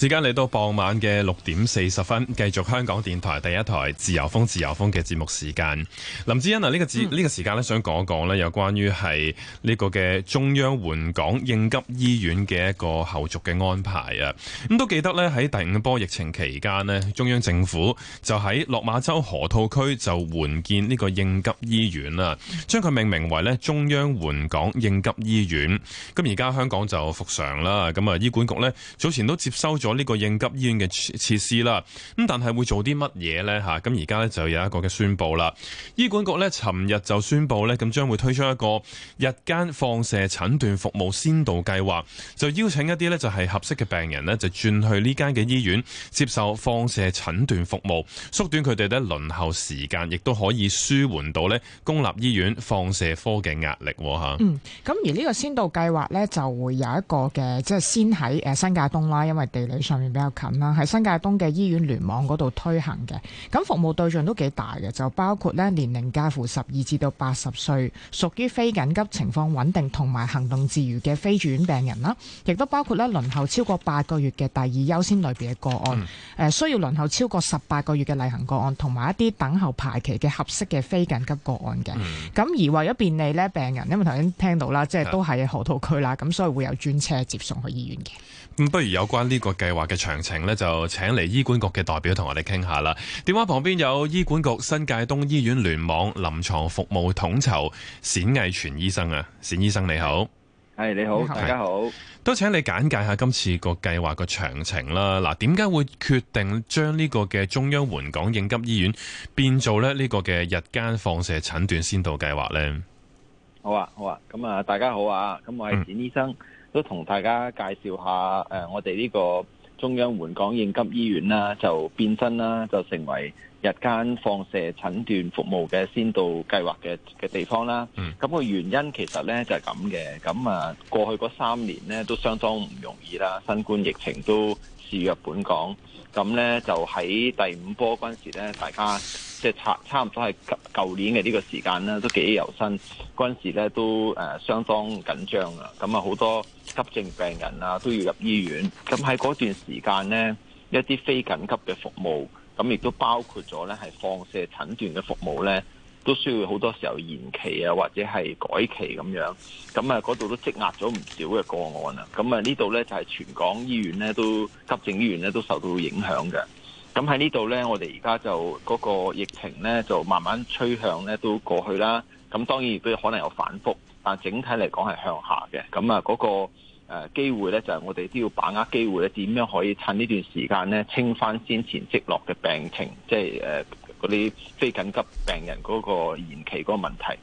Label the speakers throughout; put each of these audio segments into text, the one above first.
Speaker 1: 時間嚟到傍晚嘅六點四十分，繼續香港電台第一台自由風自由風嘅節目時間。林志恩啊，呢、這個節呢、嗯這個時間咧，想講一講咧有關於係呢個嘅中央援港應急醫院嘅一個後續嘅安排啊。咁、嗯、都記得咧喺第五波疫情期間咧，中央政府就喺落馬洲河套區就援建呢個應急醫院啦，將佢命名為咧中央援港應急醫院。咁而家香港就復常啦，咁啊醫管局咧早前都接收咗。呢、這個應急醫院嘅設施啦，咁但係會做啲乜嘢呢？嚇？咁而家呢，就有一個嘅宣佈啦。醫管局呢，尋日就宣布呢，咁將會推出一個日間放射診斷服務先導計劃，就邀請一啲呢，就係合適嘅病人呢，就轉去呢間嘅醫院接受放射診斷服務，縮短佢哋呢輪候時間，亦都可以舒緩到呢公立醫院放射科嘅壓力嚇。嗯，
Speaker 2: 咁而呢個先導計劃呢，就會有一個嘅，即係先喺誒新界東啦，因為地理。上面比較近啦，喺新界東嘅醫院聯網嗰度推行嘅。咁服務對象都幾大嘅，就包括咧年齡介乎十二至到八十歲，屬於非緊急情況、穩定同埋行動自如嘅非住院病人啦，亦都包括咧輪候超過八個月嘅第二優先類別嘅個案，誒、嗯、需要輪候超過十八個月嘅例行個案，同埋一啲等候排期嘅合適嘅非緊急個案嘅，咁、嗯、而為咗便利咧病人，因為頭先聽到啦，即係都係河套區啦，咁所以會有專車接送去醫院嘅。
Speaker 1: 咁、嗯、不如有關呢個。嘅？計劃嘅詳情呢，就請嚟醫管局嘅代表同我哋傾下啦。電話旁邊有醫管局新界東醫院聯網臨床服務統籌冼藝泉醫生啊，冼醫生你好，係你好，大家好，都請你簡介下今次個計劃個詳情啦。嗱，點解會決定將呢個嘅中央援港應急醫院變做咧呢個嘅日間放射診斷先導計劃呢？
Speaker 3: 好啊，好啊，咁啊，大家好啊，咁我係冼醫生，嗯、都同大家介紹下誒、呃，我哋呢個。中央援港應急醫院啦，就變身啦，就成為日間放射診斷服務嘅先導計劃嘅嘅地方啦，咁、嗯那個原因其實咧就係咁嘅，咁啊過去嗰三年咧都相當唔容易啦，新冠疫情都肆虐本港，咁咧就喺第五波陣時咧，大家即係差差唔多係舊年嘅呢個時間啦，都記憶猶新，陣時咧都誒、呃、相當緊張啊。咁啊好多急症病人啊都要入醫院，咁喺嗰段時間咧，一啲非緊急嘅服務。咁亦都包括咗呢，係放射診斷嘅服務呢，都需要好多時候延期啊，或者係改期咁樣。咁啊，嗰度都積壓咗唔少嘅個案啊。咁啊，呢度呢，就係、是、全港醫院呢，都急症醫院呢，都受到影響嘅。咁喺呢度呢，我哋而家就嗰、那個疫情呢，就慢慢趨向呢，都過去啦。咁當然亦都可能有反覆，但整體嚟講，係向下嘅。咁啊，嗰個。誒、啊、機會咧，就係、是、我哋都要把握機會咧，點樣可以趁呢段時間咧，清返先前積落嘅病情，即係誒嗰啲非緊急病人嗰個延期嗰個問題。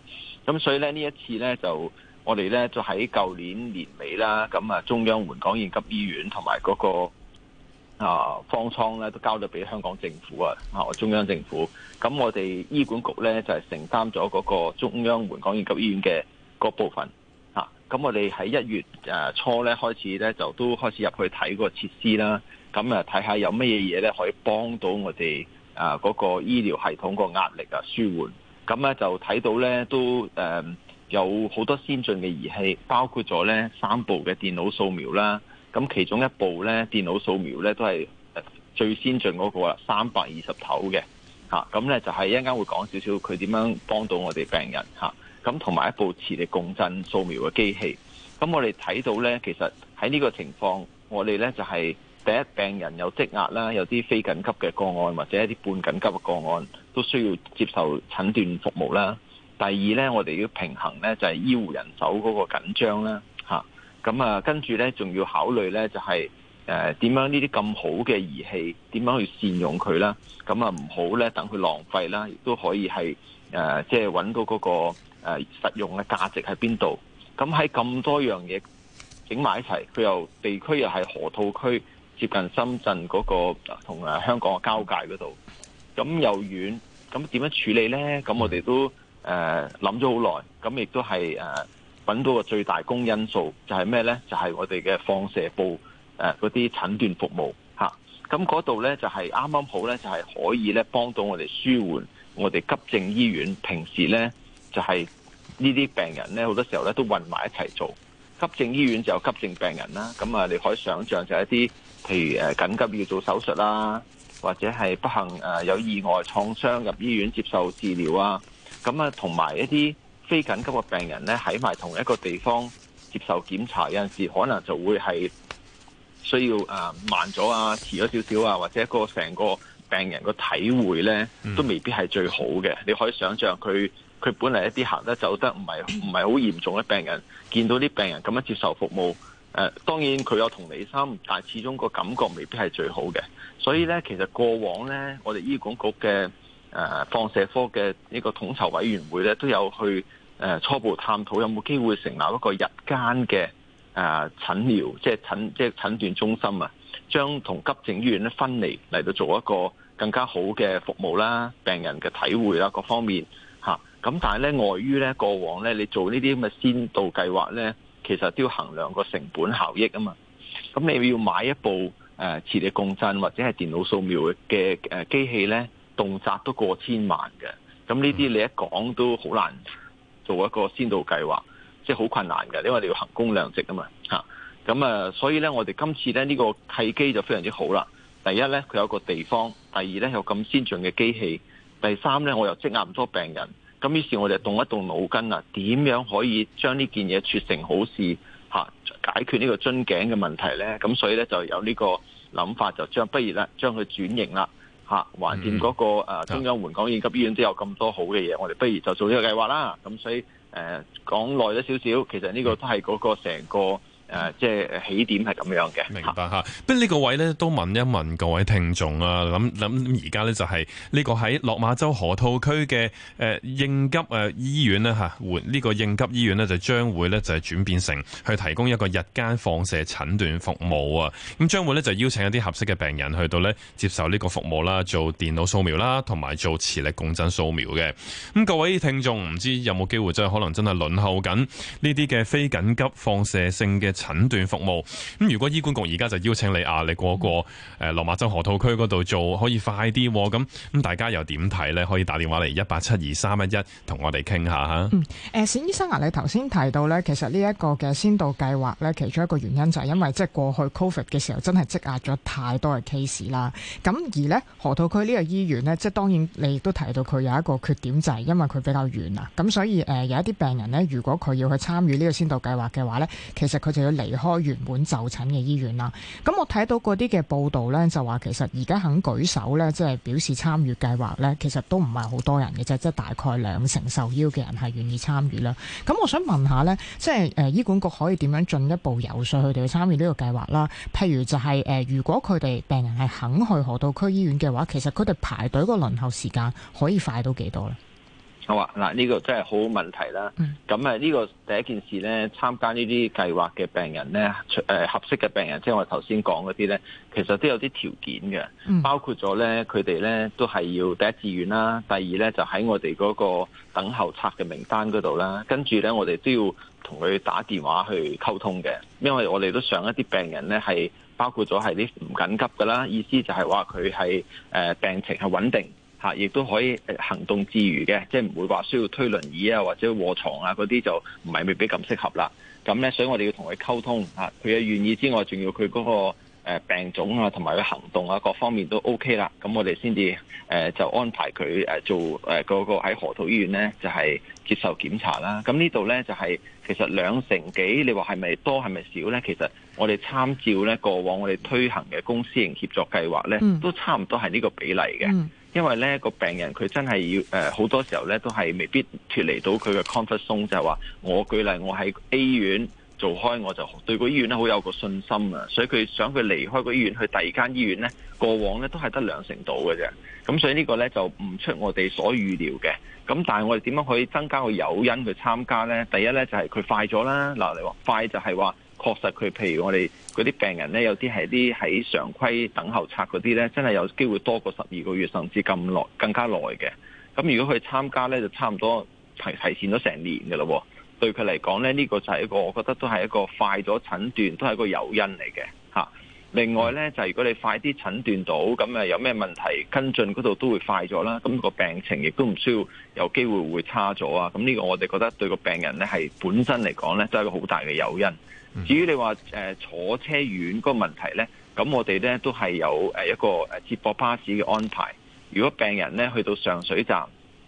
Speaker 3: 咁所以咧，呢一次咧，就我哋咧就喺舊年年尾啦，咁啊中央援港應急醫院同埋嗰個啊方艙咧，都交咗俾香港政府啊，中央政府。咁我哋醫管局咧就係、是、承擔咗嗰個中央援港應急醫院嘅嗰、那個、部分。咁我哋喺一月初咧開始咧就都開始入去睇個設施啦，咁啊睇下有乜嘢嘢咧可以幫到我哋嗰個醫療系統個壓力啊舒緩，咁咧就睇到咧都有好多先進嘅儀器，包括咗咧三部嘅電腦掃描啦，咁其中一部咧電腦掃描咧都係最先進嗰個啦，三百二十頭嘅吓，咁咧就係一陣間會講少少佢點樣幫到我哋病人吓。咁同埋一部磁力共振掃描嘅機器，咁我哋睇到呢，其實喺呢個情況，我哋呢就係第一，病人有積壓啦，有啲非緊急嘅個案或者一啲半緊急嘅個案都需要接受診斷服務啦。第二呢，我哋要平衡呢，就係醫護人手嗰個緊張啦，吓。咁啊，跟住呢，仲要考慮呢，就係呃點樣呢啲咁好嘅儀器點樣去善用佢啦。咁啊，唔好呢，等佢浪費啦，亦都可以係呃即係揾到嗰個。誒實用嘅價值喺邊度？咁喺咁多樣嘢整埋一齊，佢又地區又係河套區，接近深圳嗰個同誒香港嘅交界嗰度，咁又遠，咁點樣處理呢？咁我哋都誒諗咗好耐，咁、呃、亦都係誒揾到個最大公因素，就係咩呢？就係我哋嘅放射部誒嗰啲診斷服務嚇，咁嗰度呢，就係啱啱好呢，就係可以呢幫到我哋舒緩我哋急症醫院平時呢，就係。呢啲病人咧，好多時候咧都混埋一齊做，急症醫院就有急症病人啦。咁啊，你可以想象就係一啲譬如誒緊急要做手術啦，或者係不幸誒有意外創傷入醫院接受治療啊。咁啊，同埋一啲非緊急嘅病人咧，喺埋同一個地方接受檢查，有陣時可能就會係需要誒慢咗啊，遲咗少少啊，或者個成個病人個體會咧都未必係最好嘅。你可以想象佢。佢本嚟一啲行得走得唔係唔係好嚴重嘅病人見到啲病人咁樣接受服務，呃、當然佢有同理心，但係始終個感覺未必係最好嘅。所以咧，其實過往咧，我哋醫管局嘅、呃、放射科嘅呢個統籌委員會咧，都有去、呃、初步探討有冇機會成立一個日間嘅診療，呃、療，即係診即係診斷中心啊，將同急症醫院咧分離嚟到做一個更加好嘅服務啦，病人嘅體會啦各方面。咁但係咧，礙於咧過往咧，你做呢啲咁嘅先導計劃咧，其實都要衡量個成本效益啊嘛。咁你要買一部誒、呃、磁力共振或者係電腦掃描嘅誒機器咧，動輒都過千萬嘅。咁呢啲你一講都好難做一個先導計劃，即係好困難嘅，因為你要衡工量值啊嘛。咁啊，所以咧，我哋今次咧呢、呢個契機就非常之好啦。第一咧，佢有個地方；第二咧，有咁先進嘅機器；第三咧，我又積壓咁多病人。咁於是，我哋動一動腦筋啦，點樣可以將呢件嘢轉成好事吓，解決呢個樽頸嘅問題咧？咁所以咧就有呢個諗法，就將不如啦將佢轉型啦，吓還掂嗰個誒中央援港應急醫院都有咁多好嘅嘢，我哋不如就做呢個計劃啦。咁所以誒講耐咗少少，其實呢個都係嗰個成個。誒，即係起點係咁樣嘅。明白吓，不過、
Speaker 1: 啊、呢個位呢都問一問各位聽眾、呃呃、啊，諗諗而家呢，就係呢個喺落馬洲河套區嘅，誒應急誒醫院呢。吓，換呢個應急醫院呢，就將會呢就係轉變成去提供一個日間放射診斷服務啊，咁將會呢，就邀請一啲合適嘅病人去到呢，接受呢個服務啦，做電腦掃描啦，同埋做磁力共振掃描嘅。咁、啊、各位聽眾唔知有冇機會真係可能真係輪候緊呢啲嘅非緊急放射性嘅。診斷服務咁，如果醫管局而家就邀請你啊，你過過誒、嗯呃、落馬洲河套區嗰度做，可以快啲咁咁，大家又點睇呢？可以打電話嚟一八七二三一一，同我哋傾下
Speaker 2: 吓。嗯，誒、呃、冼醫生啊，你頭先提到呢，其實呢一個嘅先導計劃呢，其中一個原因就係因為即係過去 Covid 嘅時候真係積壓咗太多嘅 case 啦。咁而呢河套區呢個醫院呢，即係當然你亦都提到佢有一個缺點就係、是、因為佢比較遠啊。咁所以誒、呃、有一啲病人呢，如果佢要去參與呢個先導計劃嘅話呢，其實佢就～離開原本就診嘅醫院啦，咁我睇到嗰啲嘅報道咧，就話其實而家肯舉手咧，即係表示參與計劃咧，其實都唔係好多人嘅啫，即係大概兩成受邀嘅人係願意參與啦。咁我想問下咧，即係誒醫管局可以點樣進一步游說佢哋去參與呢個計劃啦？譬如就係誒，如果佢哋病人係肯去河套區醫院嘅話，其實佢哋排隊個輪候時間可以快到幾多咧？
Speaker 3: 好話、啊、嗱，呢、呢個真係好問題啦。咁、嗯、呢、呢個第一件事咧，參加呢啲計劃嘅病人咧，合適嘅、呃、病人，即係我頭先講嗰啲咧，其實都有啲條件嘅、嗯，包括咗咧，佢哋咧都係要第一志願啦，第二咧就喺我哋嗰個等候冊嘅名單嗰度啦。跟住咧，我哋都要同佢打電話去溝通嘅，因為我哋都想一啲病人咧係包括咗係啲唔緊急㗎啦，意思就係話佢係病情係穩定。嚇，亦都可以行動自如嘅，即係唔會話需要推輪椅啊，或者卧床啊嗰啲就唔係未必咁適合啦。咁咧，所以我哋要同佢溝通嚇，佢嘅願意之外，仲要佢嗰個病種啊，同埋佢行動啊各方面都 O K 啦。咁我哋先至誒就安排佢做誒嗰、呃、個喺河套醫院咧，就係、是、接受檢查啦。咁呢度咧就係、是、其實兩成幾，你話係咪多係咪少咧？其實我哋參照咧過往我哋推行嘅公私營協作計劃咧，都差唔多係呢個比例嘅。嗯嗯因為咧個病人佢真係要誒好多時候咧都係未必脫離到佢嘅 comfort zone，就係話我舉例我喺 A 院做開我就對個醫院咧好有個信心啊，所以佢想佢離開個醫院去第二間醫院咧，過往咧都係得兩成度嘅啫，咁所以呢個咧就唔出我哋所預料嘅，咁但係我哋點樣可以增加個誘因去參加咧？第一咧就係佢快咗啦，嗱你話快就係話。確實，佢譬如我哋嗰啲病人咧，有啲係啲喺常規等候冊嗰啲咧，真係有機會多過十二個月，甚至咁耐更加耐嘅。咁如果佢參加咧，就差唔多提提前咗成年嘅喎。對佢嚟講咧，呢個就係一個，我覺得都係一個快咗診斷，都係一個誘因嚟嘅吓。另外咧，就係、如果你快啲診斷到，咁誒有咩問題跟進嗰度都會快咗啦。咁、個病情亦都唔需要有機會會差咗啊。咁呢個我哋覺得對個病人咧係本身嚟講咧，都係一個好大嘅誘因。至於你話、呃、坐車遠嗰個問題咧，咁我哋咧都係有一個接駁巴士嘅安排。如果病人咧去到上水站，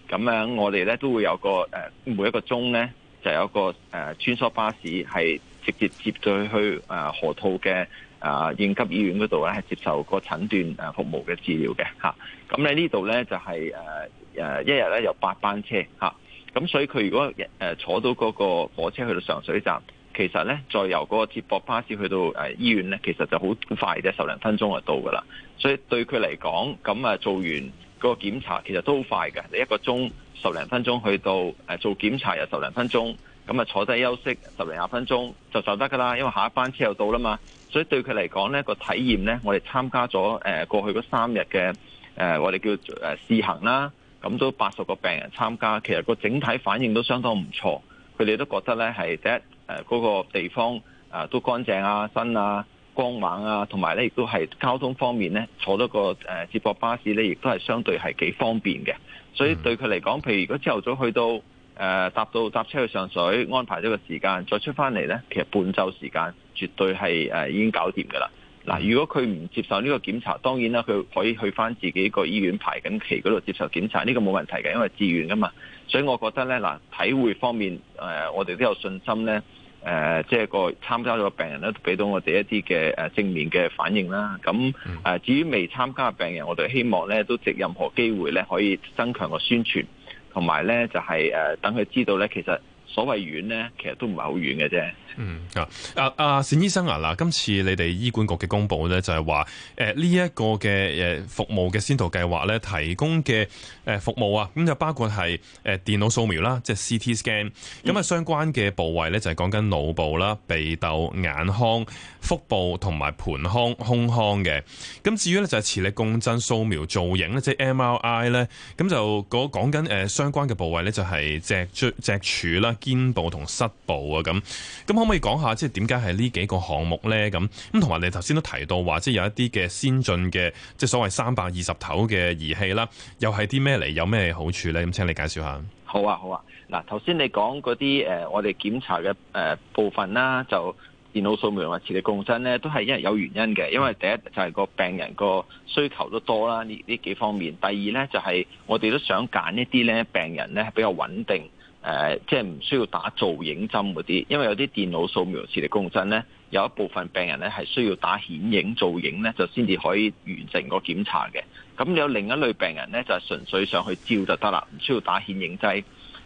Speaker 3: 咁樣我哋咧都會有個、呃、每一個鐘咧就有一個、呃、穿梭巴士係。直接接載去誒河套嘅誒應急醫院嗰度咧，係接受個診斷誒服務嘅治療嘅嚇。咁咧呢度咧就係誒誒一日咧有八班車嚇。咁所以佢如果誒坐到嗰個火車去到上水站，其實咧再由嗰個接駁巴士去到誒醫院咧，其實就好快嘅，十零分鐘就到噶啦。所以對佢嚟講，咁啊做完個檢查其實都好快嘅，你一個鐘十零分鐘去到誒做檢查又十零分鐘。咁啊，坐低休息十零廿分鐘就就得噶啦，因為下一班車又到啦嘛。所以對佢嚟講，呢個體驗呢，我哋參加咗誒、呃、過去嗰三日嘅誒，我哋叫誒試行啦。咁都八十個病人參加，其實個整體反應都相當唔錯。佢哋都覺得呢係第一嗰個地方都乾淨啊都乾淨啊新啊光猛啊，同埋呢亦都係交通方面呢，坐多個誒、呃、接駁巴士呢，亦都係相對係幾方便嘅。所以對佢嚟講，譬如如果朝頭早去到。誒、呃、搭到搭車去上水，安排咗個時間再出翻嚟呢。其實半晝時間絕對係、呃、已經搞掂嘅啦。嗱、呃，如果佢唔接受呢個檢查，當然啦，佢可以去翻自己個醫院排緊期嗰度接受檢查，呢、呢個冇問題嘅，因為自願噶嘛。所以我覺得呢，嗱、呃、體會方面，誒、呃、我哋都有信心呢，誒、呃、即係個參加咗嘅病人呢俾到我哋一啲嘅、呃、正面嘅反應啦。咁、呃、至於未參加嘅病人，我哋希望呢，都藉任何機會呢，可以增強個宣傳。同埋咧，就係誒等佢知道咧，其實。所謂遠呢，其實都唔係好遠嘅啫。
Speaker 1: 嗯啊啊啊，冼、啊、醫生啊，嗱，今次你哋醫管局嘅公佈呢，就係話呢一個嘅、呃、服務嘅先導計劃呢，提供嘅、呃、服務啊，咁就包括係誒、呃、電腦掃描啦，即係 CT scan。咁啊，相關嘅部位呢，就係、是、講緊腦部啦、鼻竇、眼腔、腹部同埋盆腔、胸腔嘅。咁至於呢，就係、是、磁力共振掃描造影，即係 MRI 呢。咁就嗰講緊誒相關嘅部位呢，就係、是、脊椎、脊柱啦。肩部同膝部啊，咁咁可唔可以講下即係點解係呢幾個項目咧？咁咁同埋你頭先都提到話，即係有一啲嘅先進嘅，即係所謂三百二十頭嘅儀器啦，又係啲咩嚟？有咩好處咧？咁請你介
Speaker 3: 紹下。好啊，好啊。嗱，頭先你講嗰啲誒，我哋檢查嘅誒、呃、部分啦，就電腦掃描或者磁力共振咧，都係因為有原因嘅。因為第一就係、是、個病人個需求都多啦，呢呢幾方面。第二咧就係、是、我哋都想揀一啲咧病人咧係比較穩定。誒、呃，即係唔需要打造影針嗰啲，因為有啲電腦掃描磁力共振呢，有一部分病人呢，係需要打顯影造影呢，就先至可以完成個檢查嘅。咁有另一類病人呢，就係、是、純粹上去照就得啦，唔需要打顯影劑。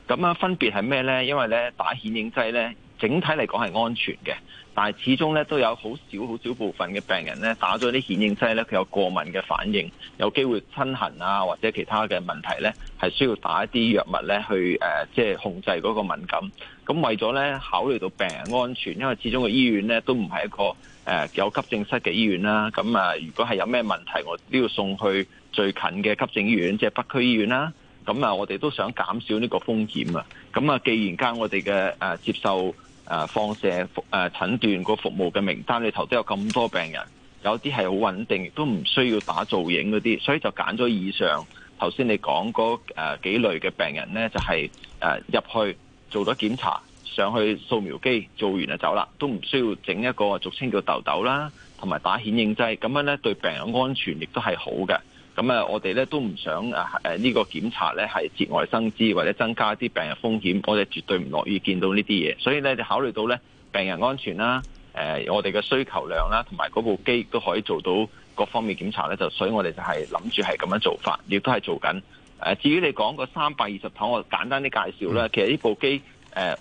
Speaker 3: 咁啊，分別係咩呢？因為呢，打顯影劑呢。整體嚟講係安全嘅，但係始終咧都有好少好少部分嘅病人咧打咗啲顯影劑咧，佢有過敏嘅反應，有機會親痕啊或者其他嘅問題咧，係需要打一啲藥物咧去誒，即係控制嗰個敏感。咁為咗咧考慮到病人安全，因為始終個醫院咧都唔係一個誒有急症室嘅醫院啦。咁啊，如果係有咩問題，我都要送去最近嘅急症醫院，即係北區醫院啦。咁啊，我哋都想減少呢個風險啊。咁啊，既然間我哋嘅誒接受誒、啊、放射誒、啊、診斷個服務嘅名單，你頭都有咁多病人，有啲係好穩定，亦都唔需要打造影嗰啲，所以就揀咗以上頭先你講嗰幾類嘅病人咧，就係誒入去做咗檢查，上去掃描機做完就走啦，都唔需要整一個俗稱叫痘痘啦，同埋打顯影劑，咁樣咧對病人安全亦都係好嘅。咁啊，我哋咧都唔想啊，誒、呃這個、呢個檢查咧係節外生枝或者增加啲病人風險，我哋絕對唔樂意見到呢啲嘢。所以咧，就考慮到咧病人安全啦，誒、呃、我哋嘅需求量啦，同埋嗰部機都可以做到各方面檢查咧，就所以我哋就係諗住係咁樣做法，亦都係做緊。誒、呃，至於你講個三百二十躺，我簡單啲介紹啦、嗯。其實呢部機誒。呃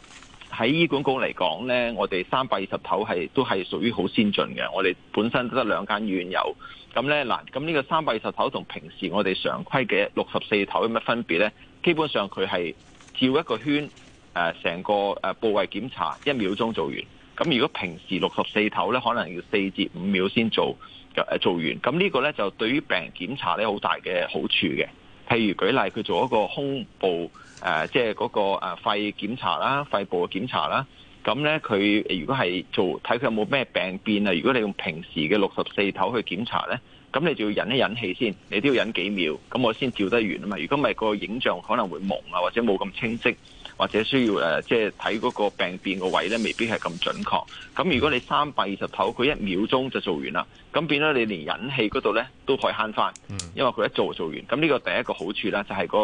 Speaker 3: 喺醫管局嚟講呢，我哋三百二十頭係都係屬於好先進嘅。我哋本身得兩間院有，咁呢，嗱，咁呢個三百二十頭同平時我哋常規嘅六十四頭有乜分別呢？基本上佢係照一個圈，誒成個誒部位檢查一秒鐘做完。咁如果平時六十四頭呢，可能要四至五秒先做誒做完。咁呢個呢，就對於病人檢查呢，好大嘅好處嘅。譬如舉例，佢做一個胸部誒，即係嗰個誒肺檢查啦，肺部嘅檢查啦，咁咧佢如果係做睇佢有冇咩病變啊，如果你用平時嘅六十四頭去檢查咧，咁你就要忍一忍氣先，你都要忍幾秒，咁我先照得完啊嘛，如果唔係個影像可能會蒙啊，或者冇咁清晰。或者需要誒，即係睇嗰個病變個位咧，未必係咁準確。咁如果你三百二十頭，佢一秒鐘就做完啦，咁變咗你連引氣嗰度咧都可以慳翻，因為佢一做就做完。咁呢個第一個好處咧，就係個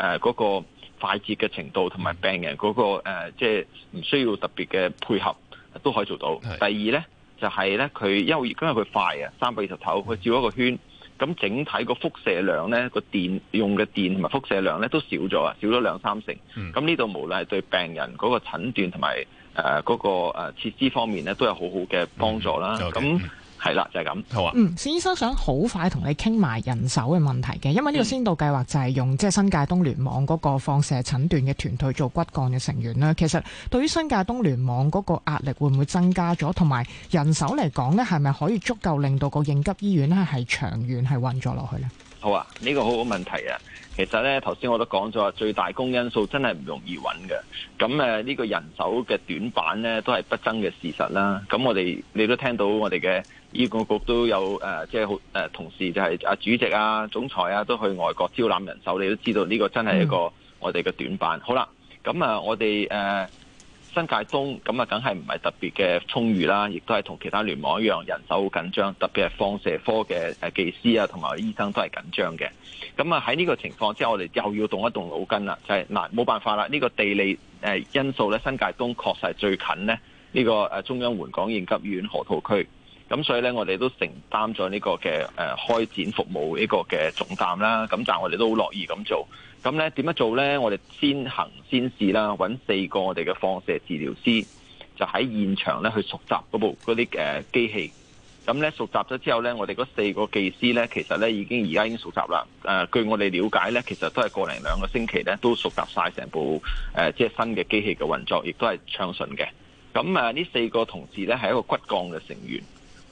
Speaker 3: 誒嗰個快捷嘅程度，同埋病人嗰個誒即係唔需要特別嘅配合都可以做到。第二咧就係咧佢因為因為佢快啊，三百二十頭佢照一個圈。咁整體個輻射量咧，個電用嘅電同埋輻射量咧都少咗啊，少咗兩三成。咁呢度無論係對病人嗰個診斷同埋誒嗰個誒設施方面咧，都有好好嘅幫助啦。咁、嗯 okay, 係啦，就係咁好啊。嗯，
Speaker 2: 冼醫生，想好快同你傾埋人手嘅問題嘅，因為呢個先導計劃就係用即係新界東聯網嗰個放射診斷嘅團隊做骨幹嘅成員啦。其實對於新界東聯網嗰個壓力會唔會增加咗，同埋人手嚟講咧，係咪可以足夠令到個應急醫院咧係長遠係運作落去咧？
Speaker 3: 好啊，呢個好好問題啊。其實咧，頭先我都講咗，最大公因素真係唔容易揾嘅。咁誒，呢個人手嘅短板咧，都係不爭嘅事實啦。咁我哋你都聽到我哋嘅。醫管局都有誒，即係好誒，同事就係啊，主席啊，總裁啊，都去外國招攬人手，你都知道呢個真係一個我哋嘅短板。好啦，咁啊，我哋誒新界東咁啊，梗係唔係特別嘅充裕啦，亦都係同其他聯網一樣，人手好緊張，特別係放射科嘅技師啊，同埋醫生都係緊張嘅。咁啊，喺呢個情況之下，我哋又要動一動腦筋啦，就係嗱，冇辦法啦，呢個地理因素咧，新界東確實最近呢，呢個中央援港應急醫院河套區。咁所以咧，我哋都承擔咗呢個嘅誒開展服務呢個嘅重擔啦。咁但係我哋都好樂意咁做。咁咧點樣做咧？我哋先行先試啦，揾四個我哋嘅放射治療師，就喺現場咧去熟習嗰部嗰啲誒機器。咁咧熟習咗之後咧，我哋嗰四個技師咧，其實咧已經而家已經熟習啦。誒，據我哋了解咧，其實都係個零兩個星期咧，都熟習晒成部誒即係新嘅機器嘅運作，亦都係暢順嘅。咁啊，呢四個同事咧係一個骨幹嘅成員。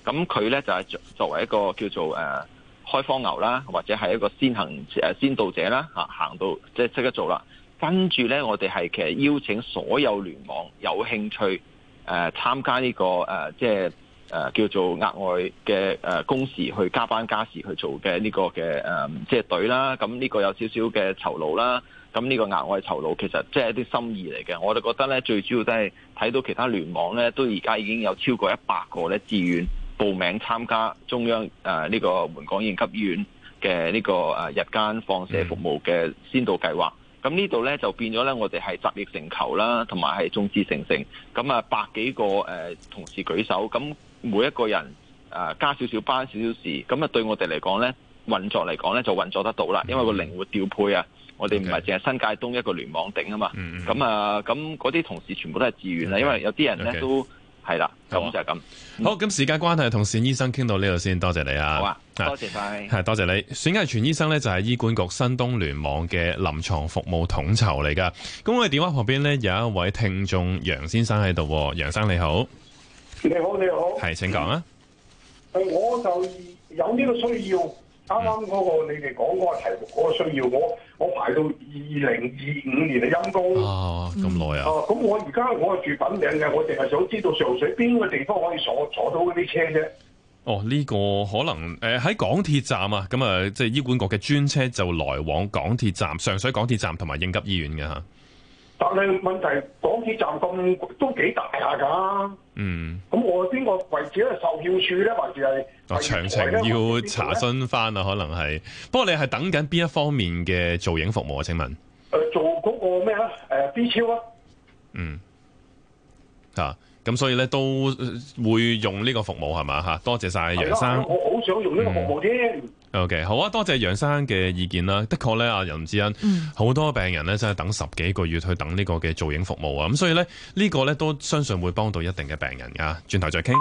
Speaker 3: 咁佢咧就係作作為一個叫做誒、啊、開荒牛啦，或者係一個先行誒先導者啦嚇，行到即係識得做啦。跟住咧，我哋係其實邀請所有聯網有興趣誒、啊、參加呢、這個誒即係叫做額外嘅誒工時去加班加時去做嘅呢、這個嘅誒即係隊啦。咁呢個有少少嘅酬勞啦。咁呢個額外酬勞其實即係一啲心意嚟嘅。我哋覺得咧，最主要都係睇到其他聯網咧，都而家已經有超過一百個咧志願，報名參加中央誒呢、呃這個門港應急醫院嘅呢、這個誒、呃、日間放射服務嘅先導計劃，咁、嗯、呢度咧就變咗咧，我哋係集腋成裘啦，同埋係眾志成城，咁啊百幾個誒、呃、同事舉手，咁每一個人誒、呃、加少少班少少時，咁啊對我哋嚟講咧運作嚟講咧就運作得到啦，因為個靈活調配啊，我哋唔係淨係新界東一個聯網頂啊嘛，咁啊咁嗰啲同事全部都係自願啦、嗯，因為有啲人咧、okay. 都。係啦，咁就
Speaker 1: 係咁。好，啊、咁，就是啊、嗯，時間關係，同冼醫生傾到呢度先，多謝你啊！好啊，多謝晒，係多謝你。冼藝泉醫生咧就係醫管局新東聯網嘅臨牀服務統籌嚟噶。咁我哋電話旁邊咧有一位聽眾楊先生喺度，楊生你好。
Speaker 3: 你好，你好。係，請講啦，啊。係、嗯，我就有呢個需要。啱啱嗰個你哋講嗰個題目嗰個需要我，我我排到二零二五年嘅陰公啊，
Speaker 1: 咁耐啊！
Speaker 3: 咁、啊、我而家我係住品名嘅，我淨係想知道上水邊個地方可以坐坐到嗰啲車啫。
Speaker 1: 哦，呢、呢個可能誒喺、呃、港鐵站啊，咁啊即係醫管局嘅專車就來往港鐵站、上水港鐵站同埋應急醫院嘅嚇。
Speaker 3: 但係問題港鐵站咁都幾大下㗎、啊。嗯，咁我邊個位置咧？售票處咧，還
Speaker 1: 是係哦？詳情要查詢翻啊？可能係。不過你係等緊邊一方面嘅造影服務啊，我請問？誒、嗯，
Speaker 3: 做嗰個咩啊？誒，B
Speaker 1: 超啊？嗯。咁所以咧都會用呢個服務係嘛吓？多謝晒楊生。我
Speaker 3: 好想用呢個服務添。
Speaker 1: O.K. 好啊，多謝楊生嘅意見啦。的確咧，阿任志恩好、嗯、多病人咧真係等十幾個月去等呢個嘅造影服務啊。咁所以咧，呢個咧都相信會幫到一定嘅病人㗎。轉頭再傾。